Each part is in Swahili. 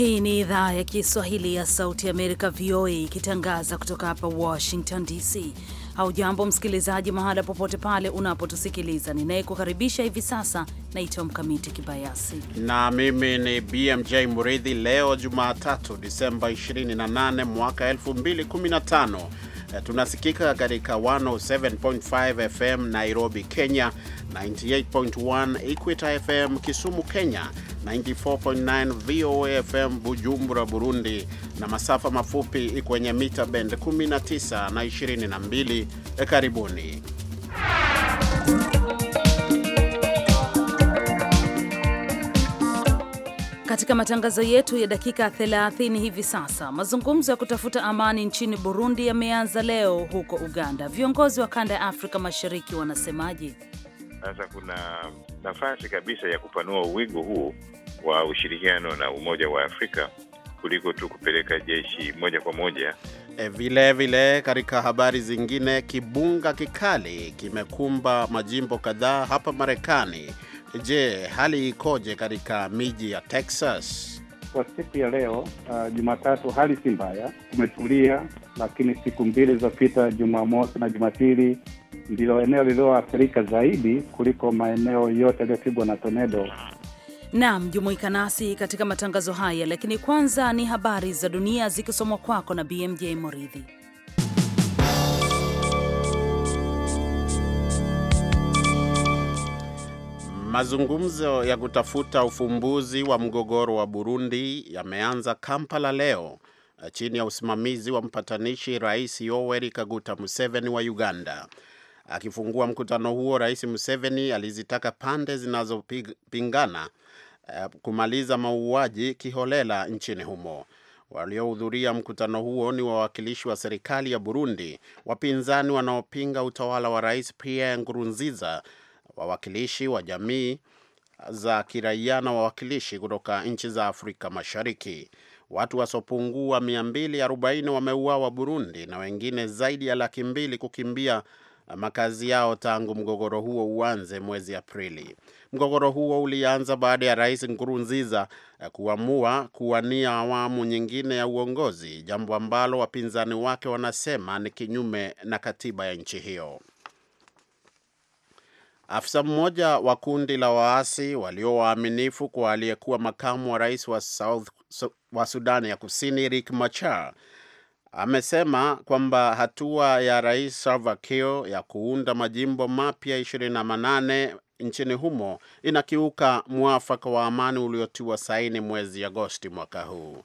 Hii ni idhaa ya Kiswahili ya Sauti Amerika, VOA, ikitangaza kutoka hapa Washington DC. Haujambo msikilizaji, mahala popote pale unapotusikiliza. Ninayekukaribisha hivi sasa naitwa Mkamiti Kibayasi na mimi ni BMJ Muridhi. Leo Jumatatu, Disemba 28 mwaka 2015 Eh, tunasikika katika 107.5 FM Nairobi, Kenya, 98.1 Equita FM Kisumu, Kenya, 94.9 VOA FM Bujumbura, Burundi, na masafa mafupi kwenye mita bend 19 na 22. Eh, karibuni Katika matangazo yetu ya dakika 30 hivi sasa, mazungumzo ya kutafuta amani nchini Burundi yameanza leo huko Uganda. Viongozi wa kanda ya Afrika Mashariki wanasemaje? Sasa kuna nafasi kabisa ya kupanua uwigo huu wa ushirikiano na Umoja wa Afrika kuliko tu kupeleka jeshi moja kwa moja. E, vile vile katika habari zingine, kibunga kikali kimekumba majimbo kadhaa hapa Marekani Je, hali ikoje katika miji ya Texas? Kwa siku ya leo uh, Jumatatu hali si mbaya, kumetulia, lakini siku mbili zilizopita, Jumamosi na Jumapili, ndilo eneo lililoathirika zaidi kuliko maeneo yote yaliyopigwa na tornado. Naam, jumuika nasi katika matangazo haya, lakini kwanza ni habari za dunia zikisomwa kwako na BMJ Moridhi. Mazungumzo ya kutafuta ufumbuzi wa mgogoro wa Burundi yameanza Kampala leo chini ya usimamizi wa mpatanishi Rais Yoweri Kaguta Museveni wa Uganda. Akifungua mkutano huo, Rais Museveni alizitaka pande zinazopingana eh, kumaliza mauaji kiholela nchini humo. Waliohudhuria mkutano huo ni wawakilishi wa serikali ya Burundi, wapinzani wanaopinga utawala wa Rais Pierre Nkurunziza wawakilishi wa jamii za kiraia na wawakilishi kutoka nchi za Afrika Mashariki. Watu wasiopungua 240 wameuawa Burundi na wengine zaidi ya laki mbili kukimbia makazi yao tangu mgogoro huo uanze mwezi Aprili. Mgogoro huo ulianza baada ya Rais Nkurunziza kuamua kuwania awamu nyingine ya uongozi, jambo ambalo wapinzani wake wanasema ni kinyume na katiba ya nchi hiyo. Afisa mmoja wa kundi la waasi walio waaminifu kwa aliyekuwa makamu wa rais wa, South, wa Sudani ya Kusini rik Machar amesema kwamba hatua ya rais Salva Kiir ya kuunda majimbo mapya 28 nchini humo inakiuka mwafaka wa amani uliotiwa saini mwezi Agosti mwaka huu.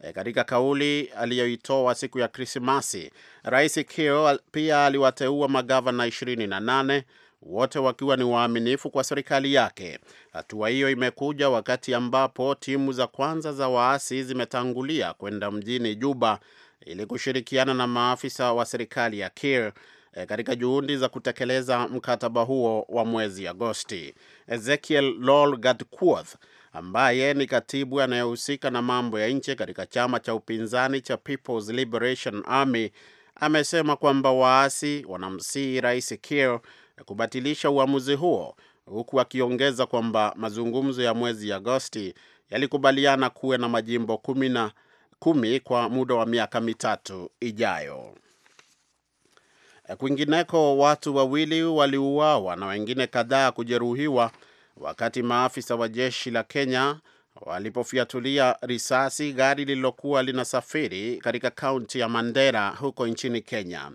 E, katika kauli aliyoitoa siku ya Krismasi, Rais Kiir pia aliwateua magavana 28 wote wakiwa ni waaminifu kwa serikali yake. Hatua hiyo imekuja wakati ambapo timu za kwanza za waasi zimetangulia kwenda mjini Juba ili kushirikiana na maafisa wa serikali ya Kir e, eh, katika juhudi za kutekeleza mkataba huo wa mwezi Agosti. Ezekiel Lol Gatkuoth ambaye ni katibu anayehusika na mambo ya nje katika chama cha upinzani cha People's Liberation Army amesema kwamba waasi wanamsihi Rais Kiir kubatilisha uamuzi huo huku akiongeza kwamba mazungumzo ya mwezi Agosti yalikubaliana kuwe na majimbo kumi na kumi kwa muda wa miaka mitatu ijayo. Kwingineko, watu wawili waliuawa na wengine kadhaa kujeruhiwa wakati maafisa wa jeshi la Kenya walipofyatulia risasi gari lililokuwa linasafiri katika kaunti ya Mandera huko nchini Kenya.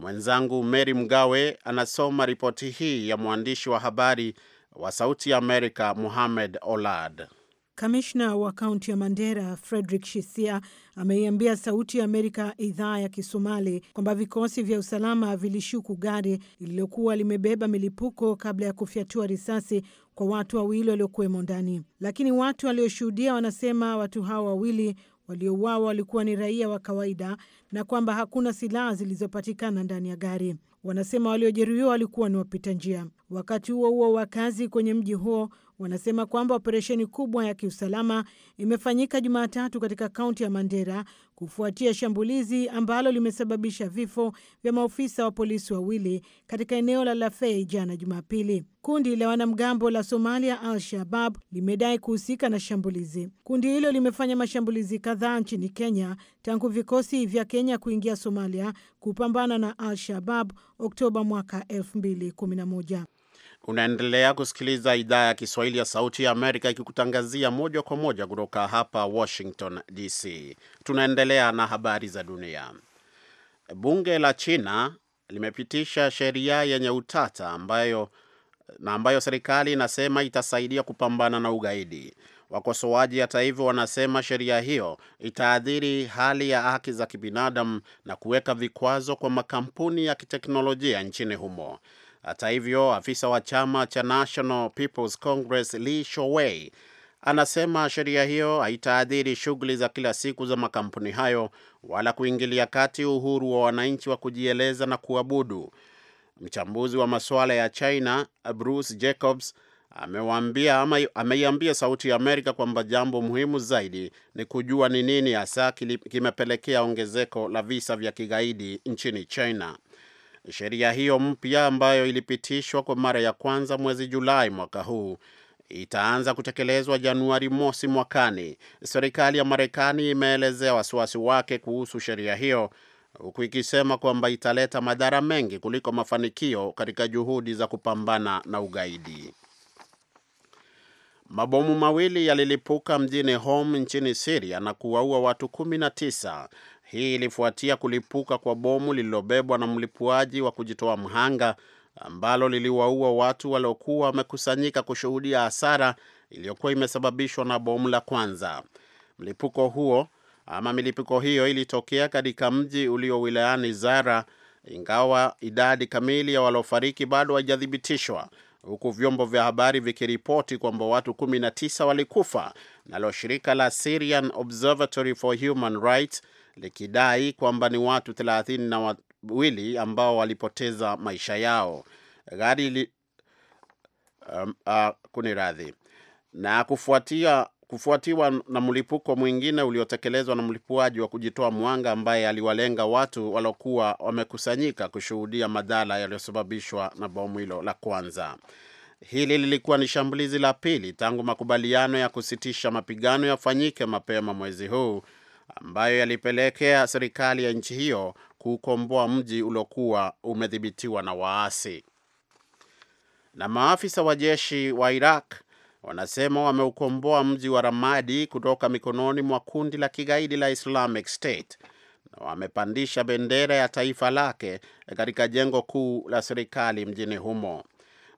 Mwenzangu Mary Mgawe anasoma ripoti hii ya mwandishi wa habari wa Sauti ya Amerika Muhamed Olad. Kamishna wa kaunti ya Mandera Frederick Shisia ameiambia Sauti ya Amerika idhaa ya Kisomali kwamba vikosi vya usalama vilishuku gari lililokuwa limebeba milipuko kabla ya kufyatua risasi kwa watu wawili waliokuwemo ndani, lakini watu walioshuhudia wanasema watu hao wawili waliouawa walikuwa ni raia wa kawaida na kwamba hakuna silaha zilizopatikana ndani ya gari. Wanasema waliojeruhiwa walikuwa ni wapita njia. Wakati huo huo, wakazi kwenye mji huo wanasema kwamba operesheni kubwa ya kiusalama imefanyika Jumatatu katika kaunti ya Mandera kufuatia shambulizi ambalo limesababisha vifo vya maofisa wa polisi wawili katika eneo la lafei jana Jumapili. Kundi la wanamgambo la Somalia Al Shabab limedai kuhusika na shambulizi. Kundi hilo limefanya mashambulizi kadhaa nchini Kenya tangu vikosi vya Kenya kuingia Somalia kupambana na Al Shabab Oktoba mwaka 2011. Unaendelea kusikiliza idhaa ya Kiswahili ya Sauti ya Amerika ikikutangazia moja kwa moja kutoka hapa Washington DC. Tunaendelea na habari za dunia. Bunge la China limepitisha sheria yenye utata ambayo, na ambayo serikali inasema itasaidia kupambana na ugaidi. Wakosoaji hata hivyo wanasema sheria hiyo itaadhiri hali ya haki za kibinadamu na kuweka vikwazo kwa makampuni ya kiteknolojia nchini humo. Hata hivyo, afisa wa chama cha National People's Congress Lee Showay anasema sheria hiyo haitaadhiri shughuli za kila siku za makampuni hayo wala kuingilia kati uhuru wa wananchi wa kujieleza na kuabudu. Mchambuzi wa masuala ya China Bruce Jacobs ameiambia Sauti ya Amerika kwamba jambo muhimu zaidi ni kujua ni nini hasa kimepelekea ongezeko la visa vya kigaidi nchini China. Sheria hiyo mpya ambayo ilipitishwa kwa mara ya kwanza mwezi Julai mwaka huu itaanza kutekelezwa Januari mosi mwakani. Serikali ya Marekani imeelezea wasiwasi wake kuhusu sheria hiyo huku ikisema kwamba italeta madhara mengi kuliko mafanikio katika juhudi za kupambana na ugaidi. Mabomu mawili yalilipuka mjini Home nchini Siria na kuwaua watu 19 hii ilifuatia kulipuka kwa bomu lililobebwa na mlipuaji wa kujitoa mhanga ambalo liliwaua watu waliokuwa wamekusanyika kushuhudia hasara iliyokuwa imesababishwa na bomu la kwanza. Mlipuko huo ama milipuko hiyo ilitokea katika mji ulio wilayani Zara, ingawa idadi kamili ya waliofariki bado haijathibitishwa, huku vyombo vya habari vikiripoti kwamba watu 19 walikufa. Nalo shirika la Syrian Observatory for Human Rights likidai kwamba ni watu thelathini na wawili ambao walipoteza maisha yao gari li, um, uh, kuni radhi na kufuatia kufuatiwa na mlipuko mwingine uliotekelezwa na mlipuaji wa kujitoa mwanga ambaye aliwalenga watu waliokuwa wamekusanyika kushuhudia madhara yaliyosababishwa na bomu hilo la kwanza. Hili lilikuwa ni shambulizi la pili tangu makubaliano ya kusitisha mapigano yafanyike mapema mwezi huu ambayo yalipelekea serikali ya nchi hiyo kuukomboa mji uliokuwa umedhibitiwa na waasi. Na maafisa wa jeshi wa Iraq wanasema wameukomboa mji wa Ramadi kutoka mikononi mwa kundi la kigaidi la Islamic State na wamepandisha bendera ya taifa lake katika jengo kuu la serikali mjini humo.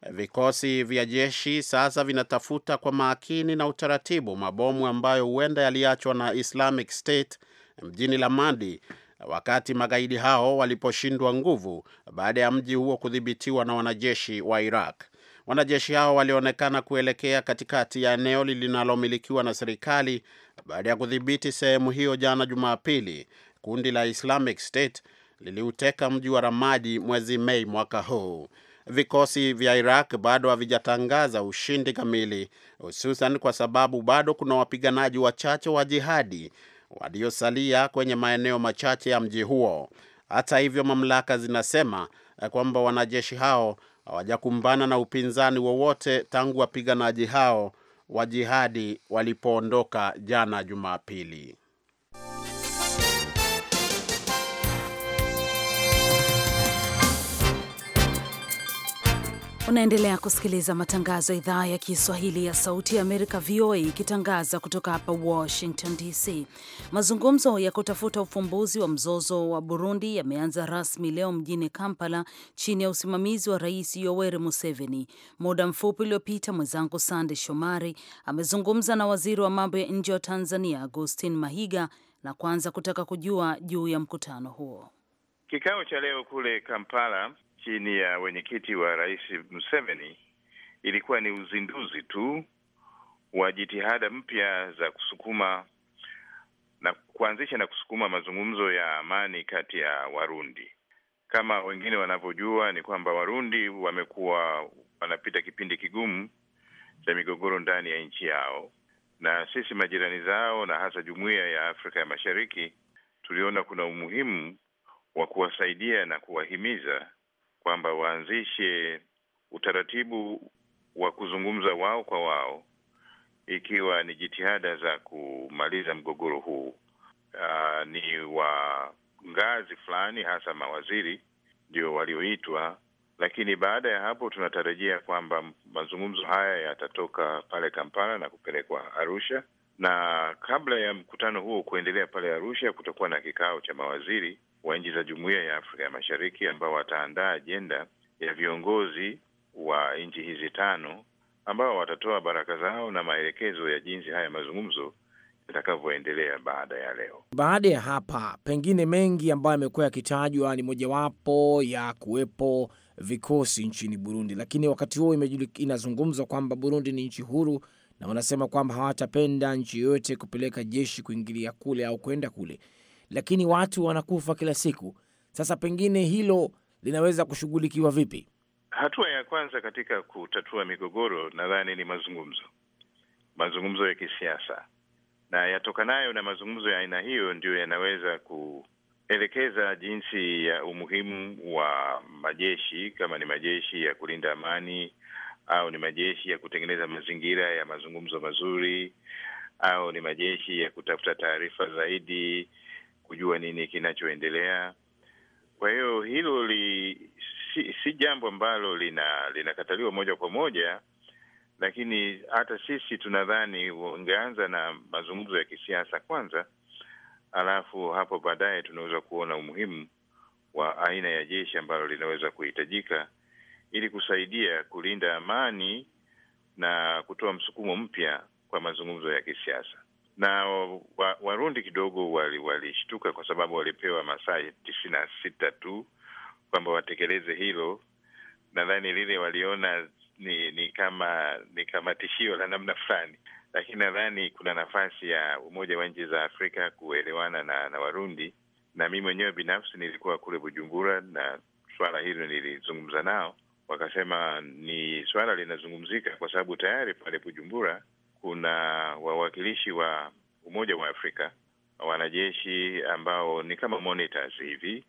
Vikosi vya jeshi sasa vinatafuta kwa makini na utaratibu mabomu ambayo huenda yaliachwa na Islamic State mjini Lamadi wakati magaidi hao waliposhindwa nguvu baada ya mji huo kudhibitiwa na wanajeshi wa Iraq. Wanajeshi hao walionekana kuelekea katikati ya eneo linalomilikiwa na serikali baada ya kudhibiti sehemu hiyo jana Jumapili. Kundi la Islamic State liliuteka mji wa Ramadi mwezi Mei mwaka huu vikosi vya Iraq bado havijatangaza ushindi kamili, hususan kwa sababu bado kuna wapiganaji wachache wa jihadi waliosalia kwenye maeneo machache ya mji huo. Hata hivyo, mamlaka zinasema kwamba wanajeshi hao hawajakumbana na upinzani wowote tangu wapiganaji hao wa jihadi walipoondoka jana Jumapili. Unaendelea kusikiliza matangazo ya idhaa ya Kiswahili ya Sauti ya Amerika, VOA, ikitangaza kutoka hapa Washington DC. Mazungumzo ya kutafuta ufumbuzi wa mzozo wa Burundi yameanza rasmi leo mjini Kampala, chini ya usimamizi wa Rais Yoweri Museveni. Muda mfupi uliopita, mwenzangu Sande Shomari amezungumza na waziri wa mambo ya nje wa Tanzania, Agustin Mahiga, na kwanza kutaka kujua juu ya mkutano huo. Kikao cha leo kule Kampala chini ya wenyekiti wa Rais Museveni ilikuwa ni uzinduzi tu wa jitihada mpya za kusukuma na kuanzisha na kusukuma mazungumzo ya amani kati ya Warundi. Kama wengine wanavyojua, ni kwamba Warundi wamekuwa wanapita kipindi kigumu cha migogoro ndani ya nchi yao, na sisi majirani zao na hasa jumuiya ya Afrika ya Mashariki tuliona kuna umuhimu wa kuwasaidia na kuwahimiza kwamba waanzishe utaratibu wa kuzungumza wao kwa wao, ikiwa ni jitihada za kumaliza mgogoro huu. Uh, ni wa ngazi fulani, hasa mawaziri ndio walioitwa, lakini baada ya hapo tunatarajia kwamba mazungumzo haya yatatoka pale Kampala na kupelekwa Arusha, na kabla ya mkutano huo kuendelea pale Arusha, kutakuwa na kikao cha mawaziri wa nchi za Jumuiya ya Afrika ya Mashariki ambao wataandaa ajenda ya viongozi wa nchi hizi tano ambao watatoa baraka zao na maelekezo ya jinsi haya mazungumzo yatakavyoendelea baada ya leo. Baada ya hapa, pengine mengi ambayo yamekuwa yakitajwa ni mojawapo ya kuwepo vikosi nchini Burundi, lakini wakati huo inazungumzwa kwamba Burundi ni nchi huru na wanasema kwamba hawatapenda nchi yoyote kupeleka jeshi kuingilia kule au kwenda kule lakini watu wanakufa kila siku. Sasa pengine hilo linaweza kushughulikiwa vipi? Hatua ya kwanza katika kutatua migogoro nadhani ni mazungumzo, mazungumzo ya kisiasa, na yatokanayo na mazungumzo ya aina hiyo ndiyo yanaweza kuelekeza jinsi ya umuhimu wa majeshi, kama ni majeshi ya kulinda amani au ni majeshi ya kutengeneza mazingira ya mazungumzo mazuri au ni majeshi ya kutafuta taarifa zaidi kujua nini kinachoendelea. Kwa hiyo hilo li, si, si jambo ambalo lina linakataliwa moja kwa moja, lakini hata sisi tunadhani ungeanza na mazungumzo ya kisiasa kwanza, alafu hapo baadaye tunaweza kuona umuhimu wa aina ya jeshi ambalo linaweza kuhitajika ili kusaidia kulinda amani na kutoa msukumo mpya kwa mazungumzo ya kisiasa na wa, Warundi kidogo walishtuka wali kwa sababu walipewa masaa tisini na sita tu kwamba watekeleze hilo. Nadhani lile waliona ni, ni kama ni kama tishio la namna fulani, lakini nadhani kuna nafasi ya Umoja wa Nchi za Afrika kuelewana na, na Warundi na mi mwenyewe binafsi nilikuwa kule Bujumbura na swala hilo nilizungumza nao, wakasema ni swala linazungumzika kwa sababu tayari pale Bujumbura kuna wawakilishi wa Umoja wa Afrika, wanajeshi ambao ni kama monitors hivi.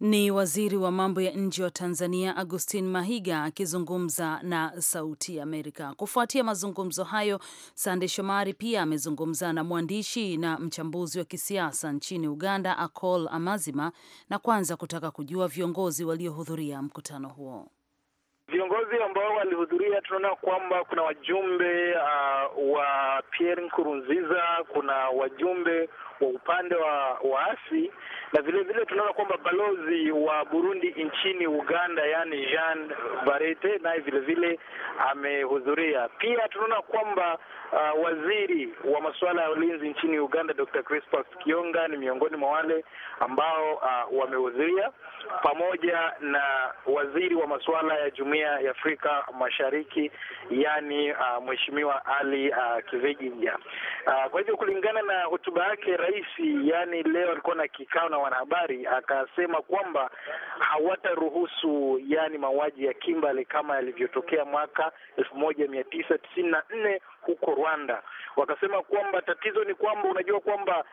Ni waziri wa mambo ya nje wa Tanzania Agustin Mahiga akizungumza na Sauti Amerika kufuatia mazungumzo hayo. Sande Shomari pia amezungumza na mwandishi na mchambuzi wa kisiasa nchini Uganda Akol Amazima, na kwanza kutaka kujua viongozi waliohudhuria mkutano huo. de walihudhuria, tunaona kwamba kuna wajumbe uh, wa Pierre Nkurunziza, kuna wajumbe wa upande wa waasi na vile vile tunaona kwamba balozi wa Burundi nchini Uganda, yani Jean Barete, naye vile vile amehudhuria. Pia tunaona kwamba uh, waziri wa masuala ya ulinzi nchini Uganda Dr. Crispus Kionga ni miongoni mwa wale ambao uh, wamehudhuria pamoja na waziri wa masuala ya Jumuiya ya Afrika Mashariki, yani uh, Mheshimiwa Ali uh, Kivejinja. Uh, kwa hivyo kulingana na hotuba yake rais, yani leo alikuwa na kikao na wanahabari, akasema kwamba hawataruhusu yani mauaji ya kimbali kama yalivyotokea mwaka elfu moja mia tisa tisini na nne huko Rwanda. Wakasema kwamba tatizo ni kwamba unajua kwamba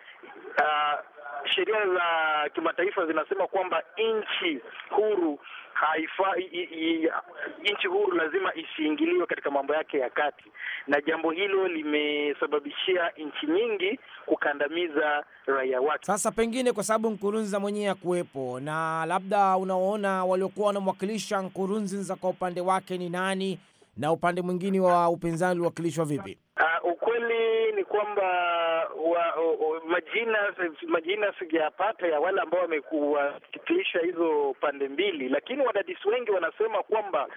uh, sheria za kimataifa zinasema kwamba nchi huru haifa nchi huru lazima isiingiliwe katika mambo yake ya kati, na jambo hilo limesababishia nchi nyingi kukandamiza raia wake. Sasa pengine kwa sababu Nkurunziza mwenyewe akuwepo, na labda unaoona waliokuwa wanamwakilisha Nkurunziza kwa upande wake ni nani, na upande mwingine wa upinzani uliwakilishwa vipi? Uh, ukweli ni kwamba wa, o, majina majina sijapata ya wale ambao wamekuwa kitisha hizo pande mbili, lakini wadadisi wengi wanasema kwamba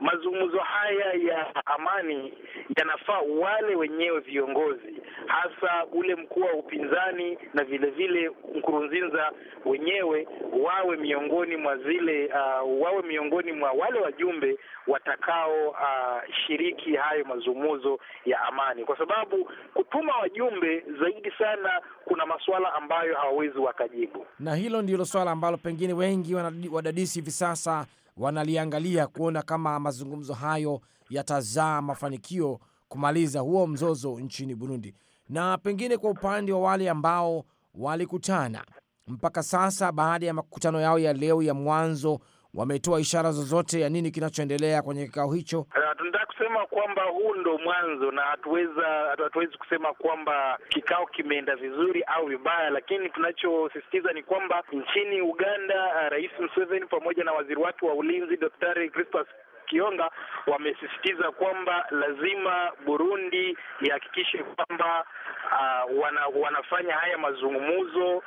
mazungumzo haya ya amani yanafaa wale wenyewe viongozi, hasa ule mkuu wa upinzani na vile vile Nkurunziza wenyewe wawe miongoni mwa zile uh, wawe miongoni mwa wale wajumbe watakao uh, shiriki hayo mazungumzo ya amani, kwa sababu kutuma wajumbe zaidi sana, kuna masuala ambayo hawawezi wakajibu, na hilo ndilo swala ambalo pengine wengi wadadisi hivi sasa wanaliangalia kuona kama mazungumzo hayo yatazaa mafanikio kumaliza huo mzozo nchini Burundi. Na pengine kwa upande wa wale ambao walikutana mpaka sasa, baada ya makutano yao ya leo ya mwanzo Wametoa ishara zozote ya nini kinachoendelea kwenye kikao hicho? Eh, tunataka kusema kwamba huu ndo mwanzo na hatuweza hatuwezi kusema kwamba kikao kimeenda vizuri au vibaya, lakini tunachosisitiza ni kwamba nchini Uganda, eh, Rais Museveni pamoja na waziri wake wa ulinzi Daktari crispas Kionga wamesisitiza kwamba lazima Burundi ihakikishe kwamba uh, wana, wanafanya haya mazungumzo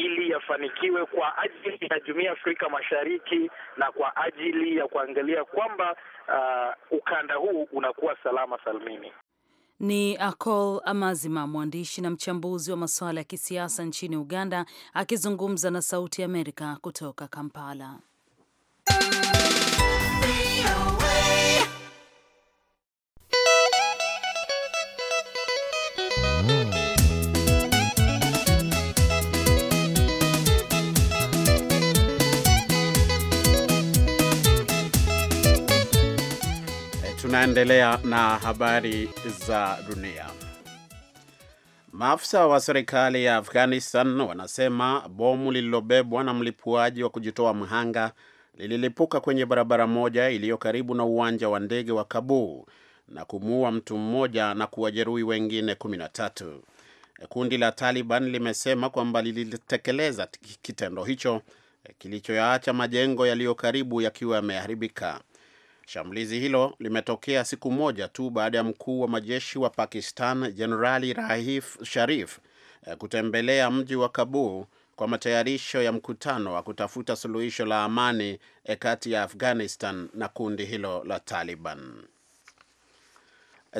ili yafanikiwe kwa ajili ya jumuiya Afrika Mashariki na kwa ajili ya kuangalia kwamba uh, ukanda huu unakuwa salama salmini. Ni Akol Amazima, mwandishi na mchambuzi wa masuala ya kisiasa nchini Uganda, akizungumza na Sauti ya Amerika kutoka Kampala. Tunaendelea na habari za dunia. Maafisa wa serikali ya Afghanistan wanasema bomu lililobebwa na mlipuaji wa kujitoa mhanga lililipuka kwenye barabara moja iliyo karibu na uwanja wa ndege wa Kabul na kumuua mtu mmoja na kuwajeruhi wengine 13. Kundi la Taliban limesema kwamba lilitekeleza kitendo hicho eh, kilichoyaacha majengo yaliyo karibu yakiwa yameharibika. Shambulizi hilo limetokea siku moja tu baada ya mkuu wa majeshi wa Pakistan Jenerali Raif Sharif eh, kutembelea mji wa Kabul kwa matayarisho ya mkutano wa kutafuta suluhisho la amani eh, kati ya Afghanistan na kundi hilo la Taliban.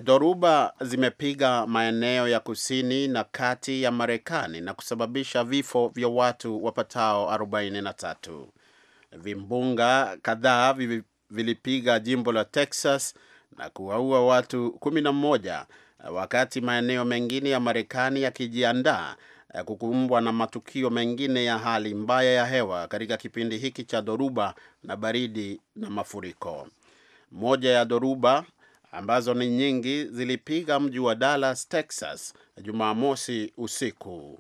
Dhoruba zimepiga maeneo ya kusini na kati ya Marekani na kusababisha vifo vya watu wapatao 43. Vimbunga kadhaa vilipiga jimbo la Texas na kuwaua watu kumi na mmoja wakati maeneo mengine ya Marekani yakijiandaa eh, kukumbwa na matukio mengine ya hali mbaya ya hewa katika kipindi hiki cha dhoruba na baridi na mafuriko. Moja ya dhoruba ambazo ni nyingi zilipiga mji wa Dallas, Texas Jumamosi usiku.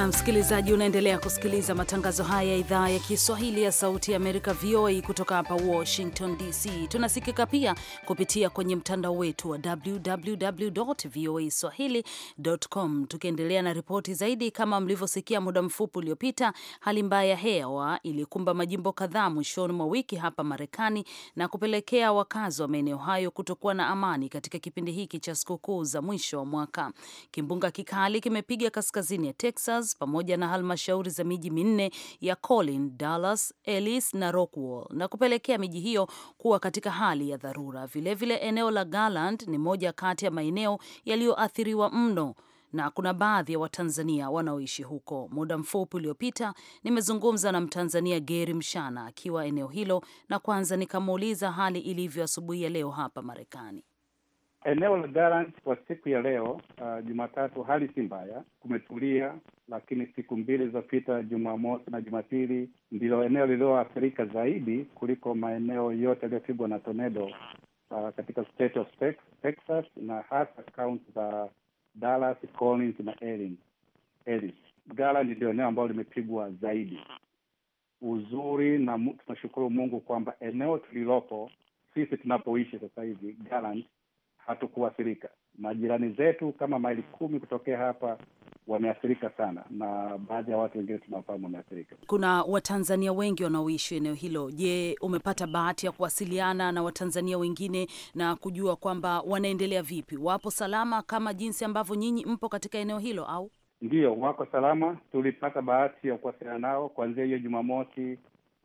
na msikilizaji, unaendelea kusikiliza matangazo haya ya idhaa ya Kiswahili ya Sauti ya Amerika, VOA, kutoka hapa Washington DC. Tunasikika pia kupitia kwenye mtandao wetu wa www voa swahili.com. Tukiendelea na ripoti zaidi, kama mlivyosikia muda mfupi uliopita, hali mbaya ya hewa ilikumba majimbo kadhaa mwishoni mwa wiki hapa Marekani na kupelekea wakazi wa maeneo hayo kutokuwa na amani katika kipindi hiki cha sikukuu za mwisho wa mwaka. Kimbunga kikali kimepiga kaskazini ya Texas Hills pamoja na halmashauri za miji minne ya Collin, Dallas, Ellis na Rockwall na kupelekea miji hiyo kuwa katika hali ya dharura. Vilevile vile eneo la Garland ni moja kati ya maeneo yaliyoathiriwa mno na kuna baadhi ya Watanzania wanaoishi huko. Muda mfupi uliopita nimezungumza na Mtanzania Geri Mshana akiwa eneo hilo, na kwanza nikamuuliza hali ilivyo asubuhi ya leo hapa Marekani. Eneo la Darant kwa siku ya leo uh, Jumatatu hali si mbaya, kumetulia, lakini siku mbili zilizopita Jumamosi na Jumapili ndilo eneo lililoathirika zaidi kuliko maeneo yote yaliyopigwa na tornado uh, katika state of Texas na hasa kaunti za Dallas, Collins na Ellis. Garland ndio eneo ambalo limepigwa zaidi. Uzuri na tunashukuru Mungu kwamba eneo tulilopo sisi tunapoishi sasa hivi hatukuathirika. Majirani zetu kama maili kumi kutokea hapa wameathirika sana, na baadhi ya watu wengine tunawafahamu wameathirika. Kuna Watanzania wengi wanaoishi eneo hilo. Je, umepata bahati ya kuwasiliana na Watanzania wengine na kujua kwamba wanaendelea vipi? Wapo salama kama jinsi ambavyo nyinyi mpo katika eneo hilo au? ndio wako salama. Tulipata bahati ya kuwasiliana nao kuanzia hiyo Jumamosi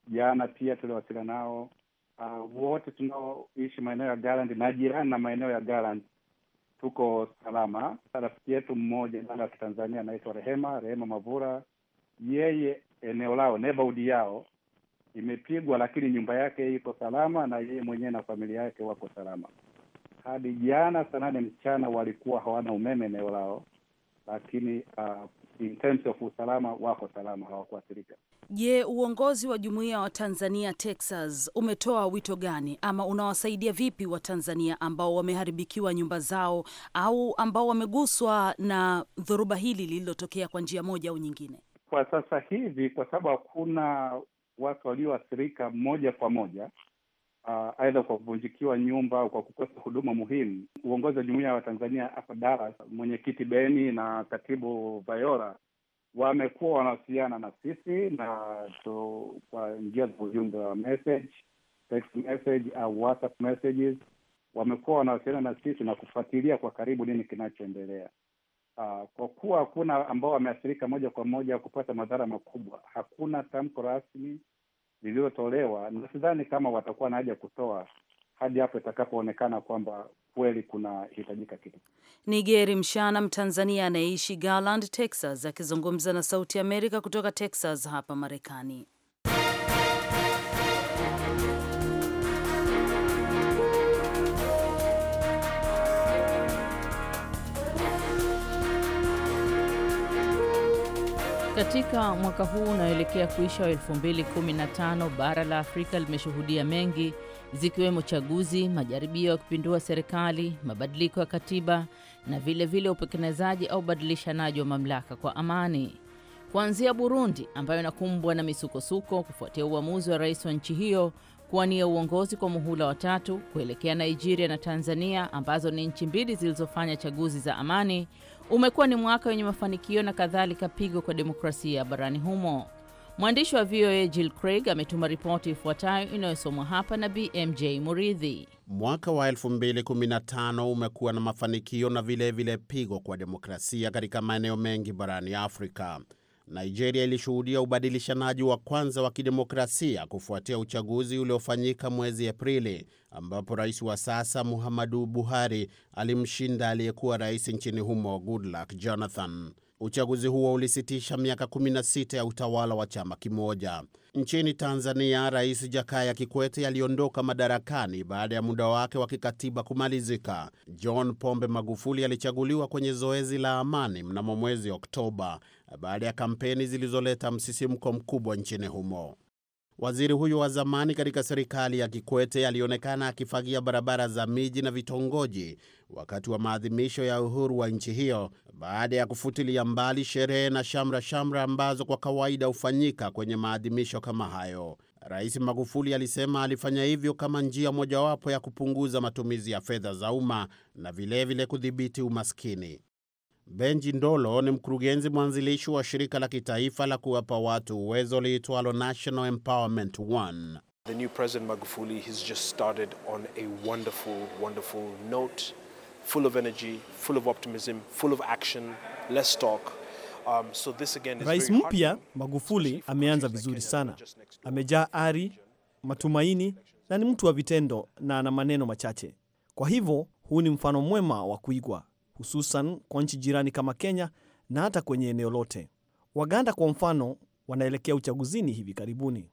jana, pia tuliwasiliana nao uh, wote tunaoishi maeneo ya Garland na jirani na maeneo ya Garland tuko salama. Rafiki yetu mmoja ndani ya Kitanzania anaitwa Rehema Rehema Mavura, yeye eneo lao nebaudi yao imepigwa, lakini nyumba yake iko salama na yeye mwenyewe na familia yake wako salama. Hadi jana saa nane mchana walikuwa hawana umeme eneo lao, lakini uh, in terms of usalama wako salama, hawakuathirika. Je, uongozi wa jumuiya wa Tanzania Texas umetoa wito gani ama unawasaidia vipi Watanzania ambao wameharibikiwa nyumba zao au ambao wameguswa na dhoruba hili lililotokea kwa njia moja au nyingine? Kwa sasa hivi, kwa sababu hakuna watu walioathirika moja kwa moja, uh, aidha kwa kuvunjikiwa nyumba au kwa kukosa huduma muhimu. Uongozi wa jumuiya ya Watanzania hapa Dar, mwenyekiti Beni na katibu Vayora wamekuwa wanawasiliana na sisi na so, kwa njia za ujumbe wa message, text message au WhatsApp messages wamekuwa wanawasiliana na sisi na kufuatilia kwa karibu nini kinachoendelea. Uh, kwa kuwa hakuna ambao wameathirika moja kwa moja kupata madhara makubwa, hakuna tamko rasmi lililotolewa, na sidhani kama watakuwa na haja kutoa hadi hapo itakapoonekana kwamba kweli kuna hitajika kitu. Ni Geri Mshana, Mtanzania anayeishi Garland, Texas, akizungumza na Sauti Amerika kutoka Texas hapa Marekani. Katika mwaka huu unaoelekea kuisha wa 2015 bara la Afrika limeshuhudia mengi zikiwemo chaguzi, majaribio ya kupindua serikali, mabadiliko ya katiba na vilevile upekenezaji au ubadilishanaji wa mamlaka kwa amani. Kuanzia Burundi ambayo inakumbwa na misukosuko kufuatia uamuzi wa rais wa nchi hiyo kuwania uongozi kwa muhula wa tatu kuelekea Nigeria na Tanzania ambazo ni nchi mbili zilizofanya chaguzi za amani, umekuwa ni mwaka wenye mafanikio na kadhalika pigo kwa demokrasia barani humo. Mwandishi wa VOA Jill Craig ametuma ripoti ifuatayo inayosomwa hapa na BMJ Muridhi. Mwaka wa 2015 umekuwa na mafanikio na vilevile vile pigo kwa demokrasia katika maeneo mengi barani Afrika. Nigeria ilishuhudia ubadilishanaji wa kwanza wa kidemokrasia kufuatia uchaguzi uliofanyika mwezi Aprili, ambapo rais wa sasa Muhammadu Buhari alimshinda aliyekuwa rais nchini humo Goodluck Jonathan. Uchaguzi huo ulisitisha miaka 16 ya utawala wa chama kimoja. Nchini Tanzania, Rais Jakaya Kikwete aliondoka madarakani baada ya muda wake wa kikatiba kumalizika. John Pombe Magufuli alichaguliwa kwenye zoezi la amani mnamo mwezi Oktoba baada ya kampeni zilizoleta msisimko mkubwa nchini humo. Waziri huyo wa zamani katika serikali ya Kikwete alionekana akifagia barabara za miji na vitongoji wakati wa maadhimisho ya uhuru wa nchi hiyo baada ya kufutilia mbali sherehe na shamra shamra ambazo kwa kawaida hufanyika kwenye maadhimisho kama hayo. Rais Magufuli alisema alifanya hivyo kama njia mojawapo ya kupunguza matumizi ya fedha za umma na vilevile kudhibiti umaskini. Benji Ndolo ni mkurugenzi mwanzilishi wa shirika la kitaifa la kuwapa watu uwezo liitwalo National Empowerment One. The new President Magufuli has just started on a wonderful, wonderful note, full of energy, full of optimism, full of action, talk. Um, so this again is Rais mpya Magufuli ameanza vizuri sana. Amejaa ari, matumaini na ni mtu wa vitendo na ana maneno machache. Kwa hivyo huu ni mfano mwema wa kuigwa hususan kwa nchi jirani kama Kenya na hata kwenye eneo lote. Waganda kwa mfano wanaelekea uchaguzini hivi karibuni.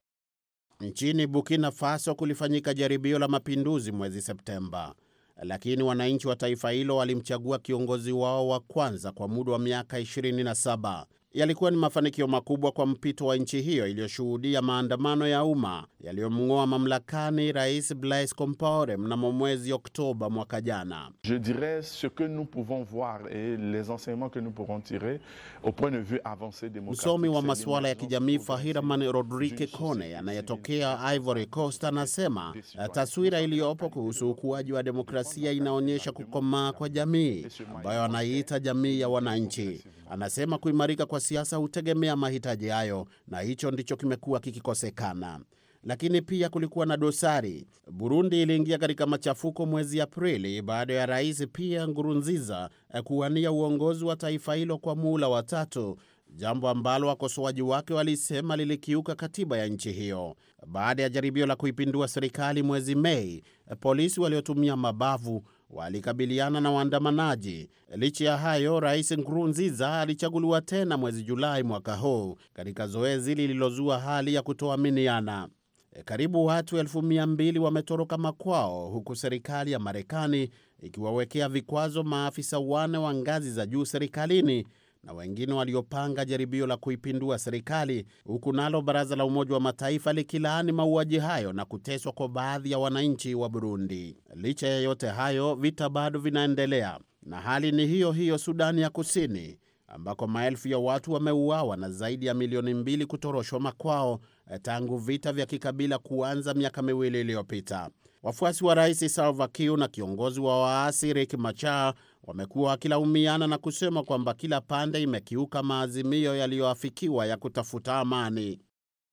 Nchini Burkina Faso kulifanyika jaribio la mapinduzi mwezi Septemba, lakini wananchi wa taifa hilo walimchagua kiongozi wao wa kwanza kwa muda wa miaka 27 yalikuwa ni mafanikio makubwa kwa mpito wa nchi hiyo iliyoshuhudia maandamano ya umma yaliyomng'oa mamlakani Rais Blaise Compaore mnamo mwezi Oktoba mwaka jana. Je dirais ce que nous pouvons voir et les enseignements que nous pourrons tirer au point de vue avance democratique. Msomi wa masuala ya kijamii Fahiraman Rodrique Kone anayetokea Ivory Coast anasema taswira iliyopo kuhusu ukuaji wa demokrasia inaonyesha kukomaa kwa jamii ambayo anaiita jamii ya wananchi. Anasema kuimarika kwa siasa hutegemea mahitaji hayo, na hicho ndicho kimekuwa kikikosekana. Lakini pia kulikuwa na dosari. Burundi iliingia katika machafuko mwezi Aprili baada ya Rais Pierre Nkurunziza eh, kuwania uongozi wa taifa hilo kwa muhula wa tatu, jambo ambalo wakosoaji wake walisema lilikiuka katiba ya nchi hiyo. Baada ya jaribio la kuipindua serikali mwezi Mei, eh, polisi waliotumia mabavu walikabiliana na waandamanaji. Licha ya hayo, Rais Nkurunziza alichaguliwa tena mwezi Julai mwaka huu katika zoezi lililozua hali ya kutoaminiana. E, karibu watu elfu mia mbili wametoroka makwao huku serikali ya Marekani ikiwawekea vikwazo maafisa wane wa ngazi za juu serikalini na wengine waliopanga jaribio la kuipindua serikali, huku nalo baraza la Umoja wa Mataifa likilaani mauaji hayo na kuteswa kwa baadhi ya wananchi wa Burundi. Licha ya yote hayo, vita bado vinaendelea na hali ni hiyo hiyo Sudani ya Kusini ambako maelfu ya watu wameuawa na zaidi ya milioni mbili kutoroshwa makwao eh, tangu vita vya kikabila kuanza miaka miwili iliyopita. Wafuasi wa rais Salva Kiir na kiongozi wa waasi Riek Machar wamekuwa wakilaumiana na kusema kwamba kila pande imekiuka maazimio yaliyoafikiwa ya kutafuta amani.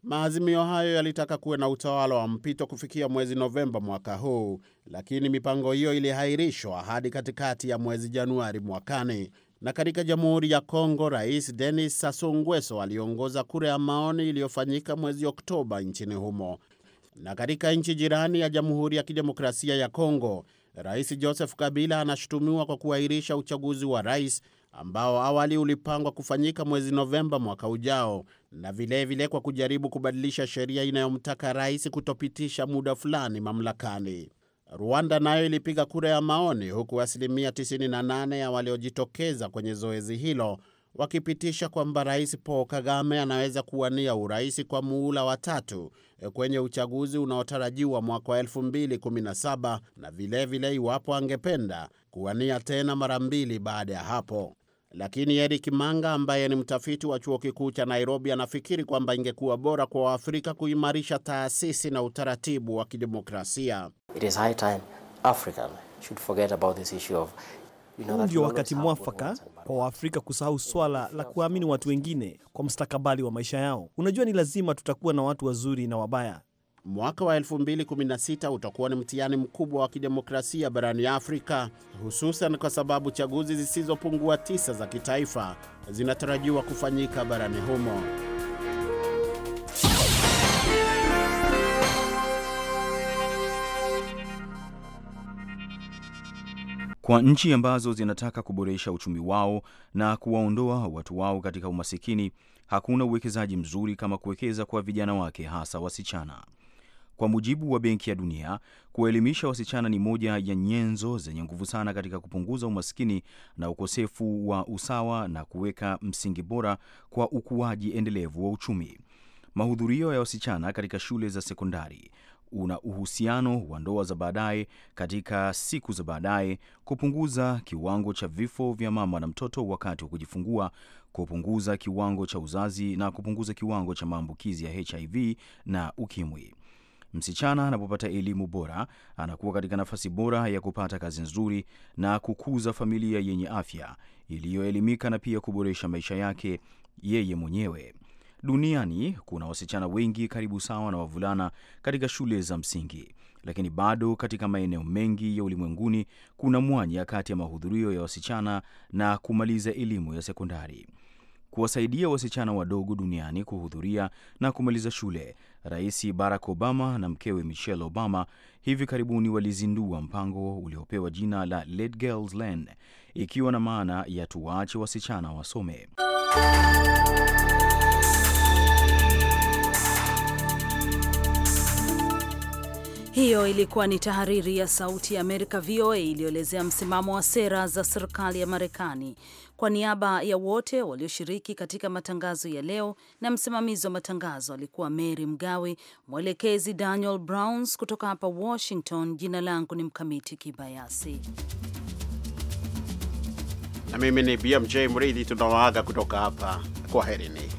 Maazimio hayo yalitaka kuwe na utawala wa mpito kufikia mwezi Novemba mwaka huu, lakini mipango hiyo ilihairishwa hadi katikati ya mwezi Januari mwakani. Na katika Jamhuri ya Kongo, Rais Denis Sassou Nguesso aliongoza kura ya maoni iliyofanyika mwezi Oktoba nchini humo. Na katika nchi jirani ya Jamhuri ya Kidemokrasia ya Kongo, Rais Joseph Kabila anashutumiwa kwa kuahirisha uchaguzi wa rais ambao awali ulipangwa kufanyika mwezi Novemba mwaka ujao na vilevile vile kwa kujaribu kubadilisha sheria inayomtaka rais kutopitisha muda fulani mamlakani. Rwanda nayo ilipiga kura ya maoni huku asilimia 98 ya waliojitokeza kwenye zoezi hilo wakipitisha kwamba Rais Paul Kagame anaweza kuwania urais kwa muula wa tatu e, kwenye uchaguzi unaotarajiwa mwaka wa 2017 na vilevile vile iwapo angependa kuwania tena mara mbili baada ya hapo. Lakini Eric Manga ambaye ni mtafiti wa chuo kikuu cha Nairobi anafikiri kwamba ingekuwa bora kwa Waafrika kuimarisha taasisi na utaratibu wa kidemokrasia. It is high time Africa should forget about this issue of, ndio wakati mwafaka kwa Waafrika kusahau swala la kuwaamini watu wengine kwa mstakabali wa maisha yao. Unajua, ni lazima tutakuwa na watu wazuri na wabaya. Mwaka wa 2016 utakuwa ni mtihani mkubwa wa kidemokrasia barani Afrika, hususan kwa sababu chaguzi zisizopungua tisa za kitaifa zinatarajiwa kufanyika barani humo. Kwa nchi ambazo zinataka kuboresha uchumi wao na kuwaondoa watu wao katika umasikini, hakuna uwekezaji mzuri kama kuwekeza kwa vijana wake, hasa wasichana. Kwa mujibu wa Benki ya Dunia, kuwaelimisha wasichana ni moja ya nyenzo zenye nguvu sana katika kupunguza umasikini na ukosefu wa usawa na kuweka msingi bora kwa ukuaji endelevu wa uchumi. Mahudhurio ya wasichana katika shule za sekondari una uhusiano wa ndoa za baadaye katika siku za baadaye, kupunguza kiwango cha vifo vya mama na mtoto wakati wa kujifungua, kupunguza kiwango cha uzazi na kupunguza kiwango cha maambukizi ya HIV na UKIMWI. Msichana anapopata elimu bora anakuwa katika nafasi bora ya kupata kazi nzuri na kukuza familia yenye afya iliyoelimika na pia kuboresha maisha yake yeye mwenyewe. Duniani kuna wasichana wengi karibu sawa na wavulana katika shule za msingi, lakini bado katika maeneo mengi ya ulimwenguni kuna mwanya kati ya mahudhurio ya wasichana na kumaliza elimu ya sekondari. Kuwasaidia wasichana wadogo duniani kuhudhuria na kumaliza shule, Rais Barack Obama na mkewe Michelle Obama hivi karibuni walizindua mpango uliopewa jina la Let Girls Learn, ikiwa na maana ya tuwaache wasichana wasome. Hiyo ilikuwa ni tahariri ya Sauti ya Amerika, VOA, iliyoelezea msimamo wa sera za serikali ya Marekani. Kwa niaba ya wote walioshiriki katika matangazo ya leo, na msimamizi wa matangazo alikuwa Mary Mgawe, mwelekezi Daniel Browns. Kutoka hapa Washington, jina langu ni Mkamiti Kibayasi na mimi ni BMJ Mridhi. Tunawaaga kutoka hapa, kwaherini.